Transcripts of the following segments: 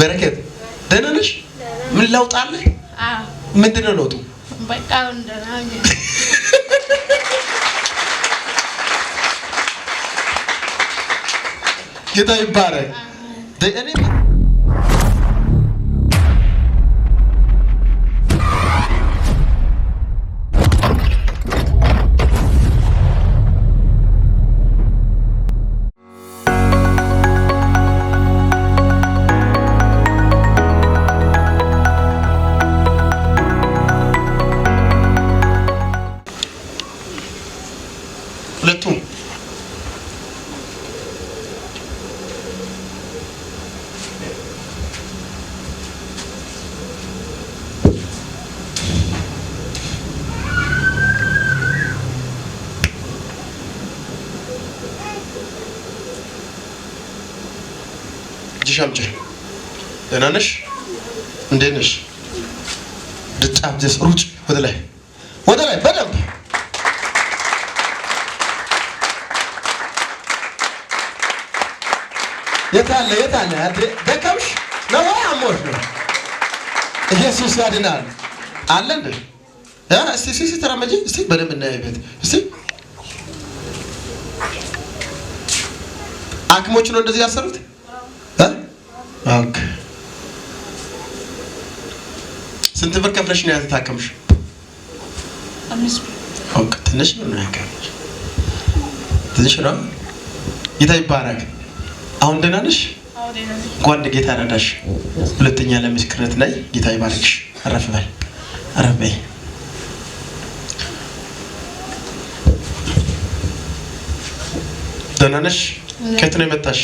በረከት ደህና ነሽ? ምን ለውጥ አለ? ምንድን ነው ለውጡ? ጌታ ይባረክ። ልጅሽ አምጪ። ደህና ነሽ? እንዴት ነሽ? ድጫብጀስ ሩጭ ወደ ላይ ወደ ላይ በደንብ የታለ የታለ ደከምሽ ነው ወይ አሞሽ ነው? ኢየሱስ ያድናል። አለ እንደ እስቲ እስቲ ተራመጂ እስቲ በደንብ እናይበት እስቲ አክሞች ነው እንደዚህ ያሰሩት ስንት ብር ከፍለሽ ነው ያልተታከምሽ? ትንሽ ነው ያከምሽ ትንሽ ነው። ጌታ ይባረክ። አሁን ደህና ነሽ? እንኳን ጌታ ረዳሽ። ሁለተኛ ለምስክርነት ላይ ጌታ ይባረክሽ። አረፍ በል አረፍ በይ። ደህና ነሽ? ከየት ነው የመጣሽ?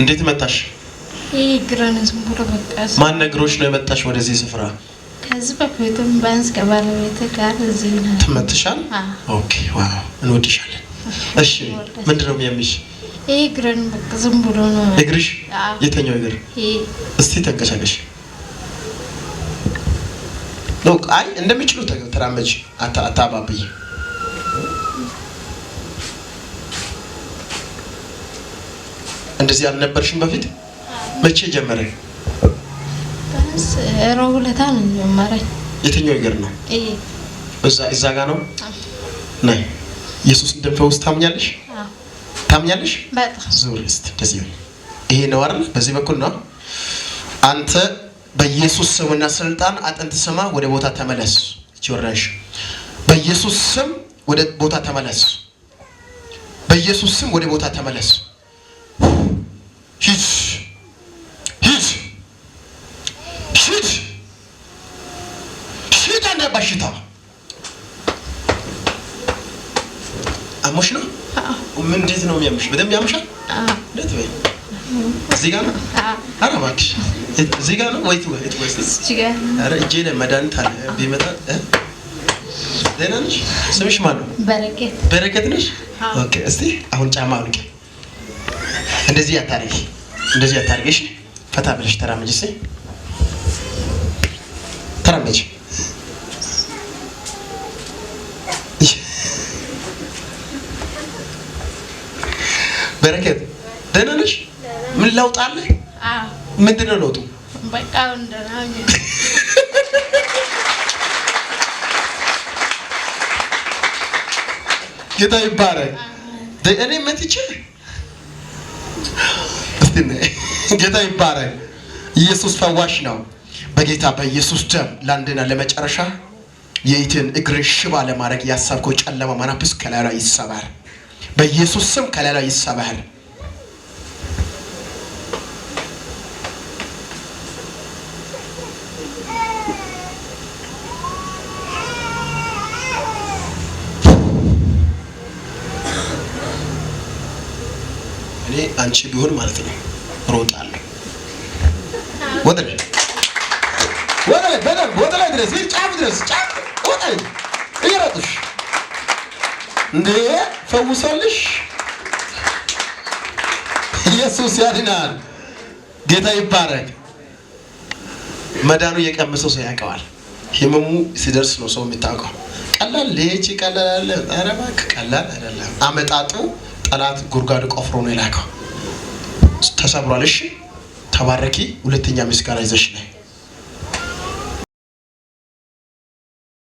እንዴት መጣሽ? ማን ነግሮች ነው የመጣሽ ወደዚህ ስፍራ? ከዚህ በፊትም ቢያንስ ከባለቤት ጋር እዚህ ነው ትመትሻል። ኦኬ ዋው እንወድሻለን። እሺ ምንድን ነው የሚያምሽ? ይህ በቃ ዝም ብሎ ነው እግርሽ። የተኛው እግር እስቲ ተንቀሳቀሽ። ሎክ አይ እንደሚችሉ ተራመጅ። አታባብይ እንደዚህ አልነበርሽም በፊት መቼ ጀመረ? ሮብ ዕለት ነው የትኛው ይገር ነው? እዛ እዛ ጋ ነው ነይ። ኢየሱስ እንደፈውስ ታምኛለሽ? ታምኛለሽ? በጣም ዙር እስቲ እንደዚህ ይሄ ነው አይደል? በዚህ በኩል ነው። አንተ በኢየሱስ ስምና ስልጣን አጥንት ስማ፣ ወደ ቦታ ተመለስ። ጆራሽ በኢየሱስ ስም ወደ ቦታ ተመለስ። በኢየሱስ ስም ወደ ቦታ ተመለስ። በሽታ አሞሽ ነው? እንዴት ነው የሚያምሽ? በደንብ ያምሻል። እንዴት ወይ እዚህ ጋር ነው? ኧረ እባክሽ እዚህ ጋር ነው ወይ ትወስድ እዚህ ጋር ነው። ኧረ እጄ ላይ መድኃኒት አለ ቢመጣ። ደህና ነሽ? ስምሽ ማን ነው? በረከት። በረከት ነሽ? ኦኬ። እስቲ አሁን ጫማ አውልቂ። እንደዚህ አታርጊ፣ እንደዚህ አታርጊ። እሺ፣ ፈታ ብለሽ ተራመጂ። እስኪ በረከት ደህና ነሽ? ምን ለውጥ አለ? ምንድን ነው ለውጡ? ጌታ ይባረክ። እኔ መጥቼ ጌታ ይባረክ። ኢየሱስ ፈዋሽ ነው። በጌታ በኢየሱስ ደም ለአንድና ለመጨረሻ የይትን እግር ሽባ ለማድረግ ያሰብከው ጨለማ መናፍስ ከላይ ላይ ይሰባር፣ በኢየሱስ ስም ከላይ ላይ ይሰባር። እኔ አንቺ ቢሆን ማለት ነው ሮጣለሁ ወደ ላይ ወደ ላይ ድረስ ጫፍ ድረስ ጫፍ ቁጥ እየረጥሽ እንዴ ፈውሶልሽ ኢየሱስ ያድናል። ጌታ ይባረክ። መዳኑ የቀመሰው ሰው ያውቀዋል። ህመሙ ሲደርስ ነው ሰው የሚታውቀው። ቀላል ለይቺ ቀላል አለ አረባክ ቀላል አይደለም። አመጣጡ ጠላት ጉርጓድ ቆፍሮ ነው የላከው። ተሰብሯል። እሺ ተባረኪ። ሁለተኛ ምስጋና ይዘሽ ነይ